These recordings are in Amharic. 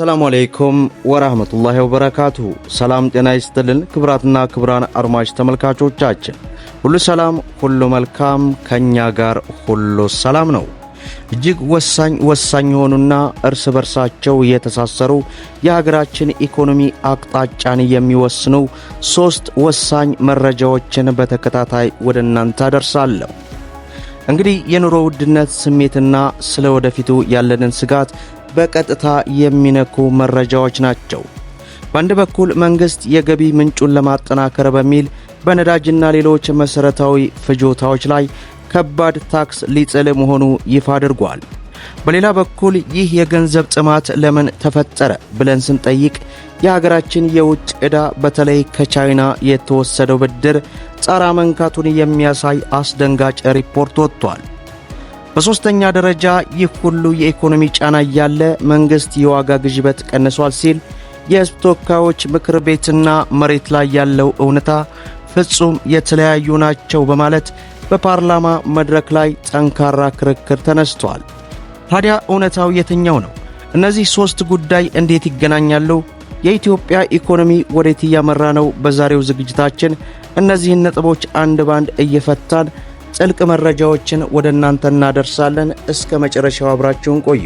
አሰላሙ አለይኩም ወራህመቱላሂ ወበረካቱሁ። ሰላም ጤና ይስጥልን ክብራትና ክብራን አድማጭ ተመልካቾቻችን ሁሉ ሰላም ሁሉ መልካም፣ ከእኛ ጋር ሁሉ ሰላም ነው። እጅግ ወሳኝ ወሳኝ የሆኑና እርስ በርሳቸው የተሳሰሩ የሀገራችን ኢኮኖሚ አቅጣጫን የሚወስኑ ሦስት ወሳኝ መረጃዎችን በተከታታይ ወደ እናንተ አደርሳለሁ። እንግዲህ የኑሮ ውድነት ስሜትና ስለ ወደፊቱ ያለንን ስጋት በቀጥታ የሚነኩ መረጃዎች ናቸው። በአንድ በኩል መንግሥት የገቢ ምንጩን ለማጠናከር በሚል በነዳጅና ሌሎች መሠረታዊ ፍጆታዎች ላይ ከባድ ታክስ ሊጥል መሆኑ ይፋ አድርጓል። በሌላ በኩል ይህ የገንዘብ ጥማት ለምን ተፈጠረ ብለን ስንጠይቅ የሀገራችን የውጭ ዕዳ በተለይ ከቻይና የተወሰደው ብድር ጣራ መንካቱን የሚያሳይ አስደንጋጭ ሪፖርት ወጥቷል። በሦስተኛ ደረጃ ይህ ሁሉ የኢኮኖሚ ጫና እያለ መንግሥት የዋጋ ግዥበት ቀንሷል ሲል የሕዝብ ተወካዮች ምክር ቤትና መሬት ላይ ያለው እውነታ ፍጹም የተለያዩ ናቸው በማለት በፓርላማ መድረክ ላይ ጠንካራ ክርክር ተነስቷል። ታዲያ እውነታው የትኛው ነው? እነዚህ ሦስት ጉዳይ እንዴት ይገናኛሉ? የኢትዮጵያ ኢኮኖሚ ወዴት እያመራ ነው? በዛሬው ዝግጅታችን እነዚህን ነጥቦች አንድ ባንድ እየፈታን ጥልቅ መረጃዎችን ወደ እናንተ እናደርሳለን። እስከ መጨረሻው አብራችሁን ቆዩ።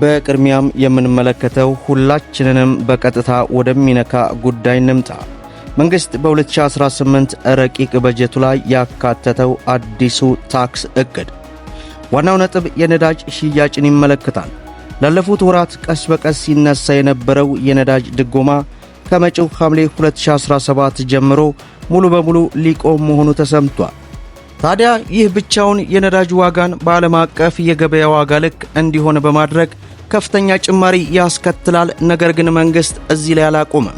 በቅድሚያም የምንመለከተው ሁላችንንም በቀጥታ ወደሚነካ ጉዳይ ንምጣ። መንግሥት በ2018 ረቂቅ በጀቱ ላይ ያካተተው አዲሱ ታክስ እቅድ። ዋናው ነጥብ የነዳጅ ሽያጭን ይመለከታል። ላለፉት ወራት ቀስ በቀስ ሲነሳ የነበረው የነዳጅ ድጎማ ከመጪው ሐምሌ 2017 ጀምሮ ሙሉ በሙሉ ሊቆም መሆኑ ተሰምቷል። ታዲያ ይህ ብቻውን የነዳጅ ዋጋን በዓለም አቀፍ የገበያ ዋጋ ልክ እንዲሆን በማድረግ ከፍተኛ ጭማሪ ያስከትላል። ነገር ግን መንግሥት እዚህ ላይ አላቆመም።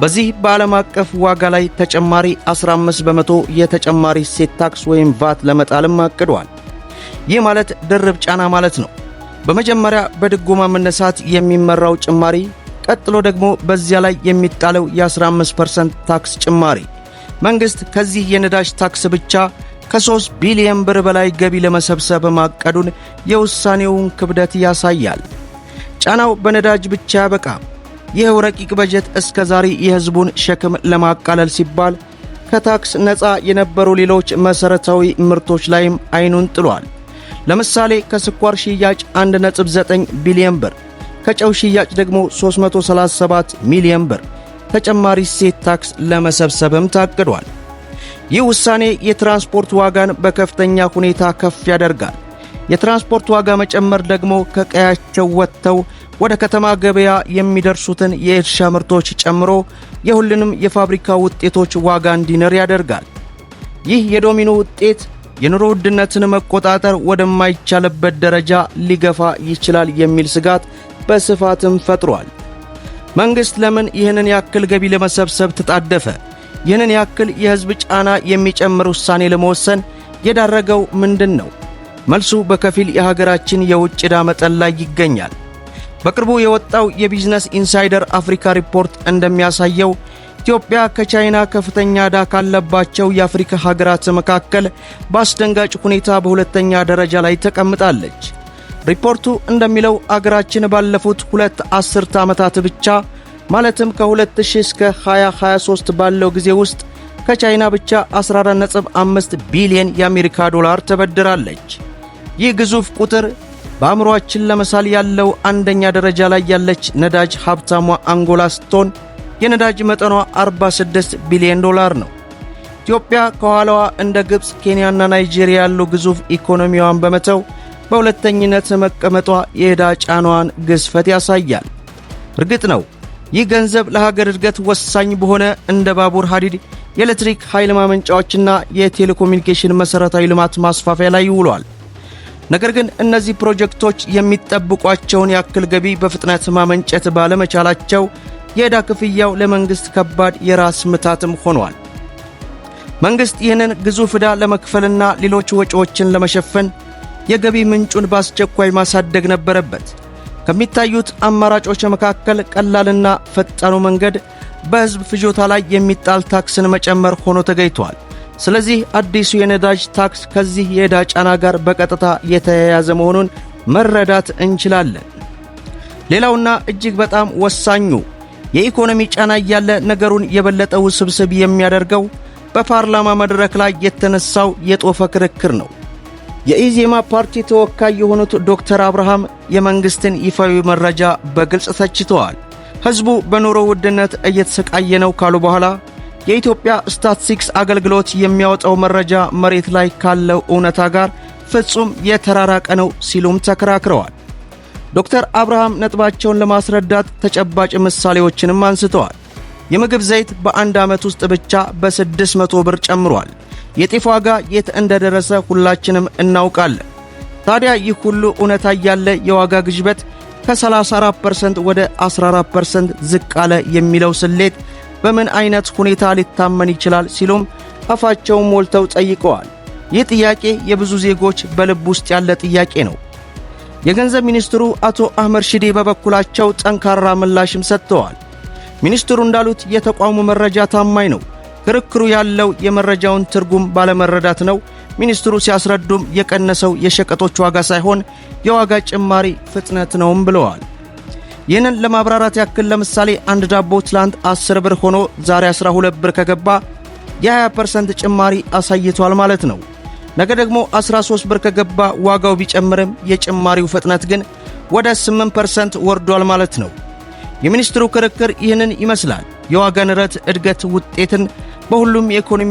በዚህ በዓለም አቀፍ ዋጋ ላይ ተጨማሪ 15 በመቶ የተጨማሪ እሴት ታክስ ወይም ቫት ለመጣልም አቅዷል። ይህ ማለት ድርብ ጫና ማለት ነው። በመጀመሪያ በድጎማ መነሳት የሚመራው ጭማሪ፣ ቀጥሎ ደግሞ በዚያ ላይ የሚጣለው የ15 ፐርሰንት ታክስ ጭማሪ መንግሥት ከዚህ የነዳጅ ታክስ ብቻ ከ3 ቢሊየን ብር በላይ ገቢ ለመሰብሰብ ማቀዱን የውሳኔውን ክብደት ያሳያል። ጫናው በነዳጅ ብቻ ያበቃም። ይህው ረቂቅ በጀት እስከ ዛሬ የሕዝቡን ሸክም ለማቃለል ሲባል ከታክስ ነፃ የነበሩ ሌሎች መሠረታዊ ምርቶች ላይም ዐይኑን ጥሏል። ለምሳሌ ከስኳር ሽያጭ 1.9 ቢሊየን ብር፣ ከጨው ሽያጭ ደግሞ 337 ሚሊየን ብር ተጨማሪ እሴት ታክስ ለመሰብሰብም ታቅዷል። ይህ ውሳኔ የትራንስፖርት ዋጋን በከፍተኛ ሁኔታ ከፍ ያደርጋል። የትራንስፖርት ዋጋ መጨመር ደግሞ ከቀያቸው ወጥተው ወደ ከተማ ገበያ የሚደርሱትን የእርሻ ምርቶች ጨምሮ የሁሉንም የፋብሪካ ውጤቶች ዋጋ እንዲንር ያደርጋል። ይህ የዶሚኖ ውጤት የኑሮ ውድነትን መቆጣጠር ወደማይቻልበት ደረጃ ሊገፋ ይችላል የሚል ስጋት በስፋትም ፈጥሯል። መንግሥት ለምን ይህንን ያክል ገቢ ለመሰብሰብ ተጣደፈ? ይህንን ያክል የሕዝብ ጫና የሚጨምር ውሳኔ ለመወሰን የዳረገው ምንድን ነው? መልሱ በከፊል የሀገራችን የውጭ ዕዳ መጠን ላይ ይገኛል። በቅርቡ የወጣው የቢዝነስ ኢንሳይደር አፍሪካ ሪፖርት እንደሚያሳየው ኢትዮጵያ ከቻይና ከፍተኛ ዕዳ ካለባቸው የአፍሪካ ሀገራት መካከል በአስደንጋጭ ሁኔታ በሁለተኛ ደረጃ ላይ ተቀምጣለች። ሪፖርቱ እንደሚለው አገራችን ባለፉት ሁለት አስርተ ዓመታት ብቻ ማለትም ከ2000 እስከ 2023 ባለው ጊዜ ውስጥ ከቻይና ብቻ 14.5 ቢሊዮን የአሜሪካ ዶላር ተበድራለች። ይህ ግዙፍ ቁጥር በአእምሮአችን ለመሳል ያለው አንደኛ ደረጃ ላይ ያለች ነዳጅ ሀብታሟ አንጎላ ስትሆን የነዳጅ መጠኗ 46 ቢሊዮን ዶላር ነው። ኢትዮጵያ ከኋላዋ እንደ ግብፅ፣ ኬንያና ናይጄሪያ ያሉ ግዙፍ ኢኮኖሚዋን በመተው በሁለተኝነት መቀመጧ የዕዳ ጫኗን ግዝፈት ያሳያል። እርግጥ ነው ይህ ገንዘብ ለሀገር እድገት ወሳኝ በሆነ እንደ ባቡር ሐዲድ፣ የኤሌክትሪክ ኃይል ማመንጫዎችና የቴሌኮሙኒኬሽን መሠረታዊ ልማት ማስፋፊያ ላይ ይውሏል። ነገር ግን እነዚህ ፕሮጀክቶች የሚጠብቋቸውን ያክል ገቢ በፍጥነት ማመንጨት ባለመቻላቸው የዕዳ ክፍያው ለመንግሥት ከባድ የራስ ምታትም ሆኗል። መንግሥት ይህንን ግዙፍ ዕዳ ለመክፈልና ሌሎች ወጪዎችን ለመሸፈን የገቢ ምንጩን በአስቸኳይ ማሳደግ ነበረበት። ከሚታዩት አማራጮች መካከል ቀላልና ፈጣኑ መንገድ በሕዝብ ፍጆታ ላይ የሚጣል ታክስን መጨመር ሆኖ ተገኝቷል። ስለዚህ አዲሱ የነዳጅ ታክስ ከዚህ የዕዳ ጫና ጋር በቀጥታ የተያያዘ መሆኑን መረዳት እንችላለን። ሌላውና እጅግ በጣም ወሳኙ የኢኮኖሚ ጫና እያለ ነገሩን የበለጠ ውስብስብ የሚያደርገው በፓርላማ መድረክ ላይ የተነሳው የጦፈ ክርክር ነው። የኢዜማ ፓርቲ ተወካይ የሆኑት ዶክተር አብርሃም የመንግሥትን ይፋዊ መረጃ በግልጽ ተችተዋል። ሕዝቡ በኑሮ ውድነት እየተሰቃየ ነው ካሉ በኋላ የኢትዮጵያ ስታትስቲክስ አገልግሎት የሚያወጣው መረጃ መሬት ላይ ካለው እውነታ ጋር ፍጹም የተራራቀ ነው ሲሉም ተከራክረዋል። ዶክተር አብርሃም ነጥባቸውን ለማስረዳት ተጨባጭ ምሳሌዎችንም አንስተዋል። የምግብ ዘይት በአንድ ዓመት ውስጥ ብቻ በ600 ብር ጨምሯል። የጤፍ ዋጋ የት እንደደረሰ ሁላችንም እናውቃለን። ታዲያ ይህ ሁሉ እውነታ ያለ የዋጋ ግሽበት ከ34% ወደ 14% ዝቅ አለ የሚለው ስሌት በምን አይነት ሁኔታ ሊታመን ይችላል? ሲሉም አፋቸውን ሞልተው ጠይቀዋል። ይህ ጥያቄ የብዙ ዜጎች በልብ ውስጥ ያለ ጥያቄ ነው። የገንዘብ ሚኒስትሩ አቶ አህመድ ሺዴ በበኩላቸው ጠንካራ ምላሽም ሰጥተዋል። ሚኒስትሩ እንዳሉት የተቋሙ መረጃ ታማኝ ነው። ክርክሩ ያለው የመረጃውን ትርጉም ባለመረዳት ነው። ሚኒስትሩ ሲያስረዱም የቀነሰው የሸቀጦች ዋጋ ሳይሆን የዋጋ ጭማሪ ፍጥነት ነውም ብለዋል። ይህንን ለማብራራት ያክል ለምሳሌ አንድ ዳቦ ትላንት 10 ብር ሆኖ ዛሬ 12 ብር ከገባ የ20% ጭማሪ አሳይቷል ማለት ነው። ነገ ደግሞ 13 ብር ከገባ ዋጋው ቢጨምርም የጭማሪው ፍጥነት ግን ወደ 8% ወርዷል ማለት ነው። የሚኒስትሩ ክርክር ይህንን ይመስላል። የዋጋ ንረት እድገት ውጤትን በሁሉም የኢኮኖሚ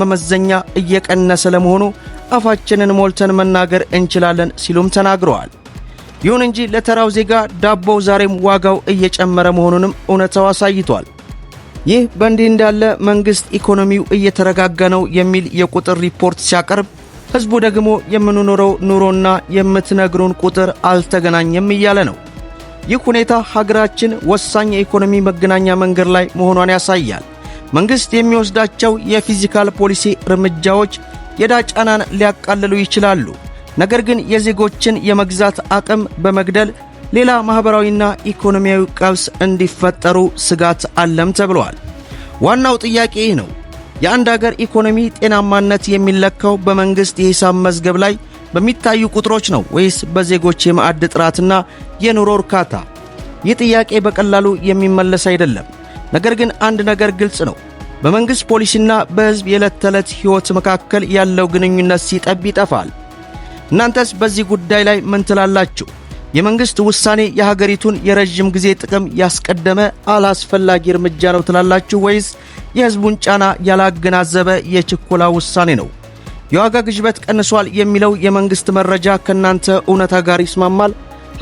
መመዘኛ እየቀነሰ ለመሆኑ አፋችንን ሞልተን መናገር እንችላለን ሲሉም ተናግረዋል። ይሁን እንጂ ለተራው ዜጋ ዳቦው ዛሬም ዋጋው እየጨመረ መሆኑንም እውነታው አሳይቷል። ይህ በእንዲህ እንዳለ መንግሥት ኢኮኖሚው እየተረጋጋ ነው የሚል የቁጥር ሪፖርት ሲያቀርብ፣ ሕዝቡ ደግሞ የምንኖረው ኑሮና የምትነግሩን ቁጥር አልተገናኘም እያለ ነው። ይህ ሁኔታ ሀገራችን ወሳኝ የኢኮኖሚ መገናኛ መንገድ ላይ መሆኗን ያሳያል። መንግሥት የሚወስዳቸው የፊዚካል ፖሊሲ እርምጃዎች የዕዳ ጫናን ሊያቃልሉ ይችላሉ። ነገር ግን የዜጎችን የመግዛት አቅም በመግደል ሌላ ማኅበራዊና ኢኮኖሚያዊ ቀውስ እንዲፈጠሩ ስጋት አለም ተብለዋል። ዋናው ጥያቄ ይህ ነው። የአንድ አገር ኢኮኖሚ ጤናማነት የሚለካው በመንግሥት የሂሳብ መዝገብ ላይ በሚታዩ ቁጥሮች ነው ወይስ በዜጎች የማዕድ ጥራትና የኑሮ እርካታ? ይህ ጥያቄ በቀላሉ የሚመለስ አይደለም። ነገር ግን አንድ ነገር ግልጽ ነው። በመንግሥት ፖሊሲና በሕዝብ የዕለት ተዕለት ሕይወት መካከል ያለው ግንኙነት ሲጠብ ይጠፋል። እናንተስ በዚህ ጉዳይ ላይ ምን ትላላችሁ? የመንግሥት ውሳኔ የሀገሪቱን የረዥም ጊዜ ጥቅም ያስቀደመ አላስፈላጊ እርምጃ ነው ትላላችሁ ወይስ የሕዝቡን ጫና ያላገናዘበ የችኮላ ውሳኔ ነው? የዋጋ ግሽበት ቀንሷል የሚለው የመንግሥት መረጃ ከእናንተ እውነታ ጋር ይስማማል?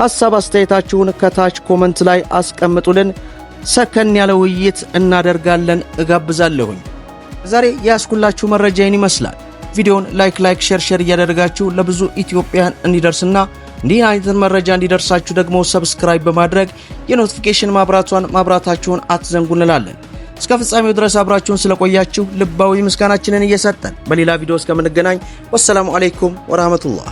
ሐሳብ አስተያየታችሁን ከታች ኮመንት ላይ አስቀምጡልን። ሰከን ያለ ውይይት እናደርጋለን እጋብዛለሁኝ። ዛሬ ያስኩላችሁ መረጃዬን ይመስላል። ቪዲዮውን ላይክ ላይክ ሼር ሼር እያደረጋችሁ ለብዙ ኢትዮጵያን እንዲደርስና እንዲህ አይነትን መረጃ እንዲደርሳችሁ ደግሞ ሰብስክራይብ በማድረግ የኖቲፊኬሽን ማብራቷን ማብራታችሁን አትዘንጉ እንላለን። እስከ ፍጻሜው ድረስ አብራችሁን ስለቆያችሁ ልባዊ ምስጋናችንን እየሰጠን በሌላ ቪዲዮ እስከምንገናኝ ወሰላሙ አሌይኩም ወራህመቱላህ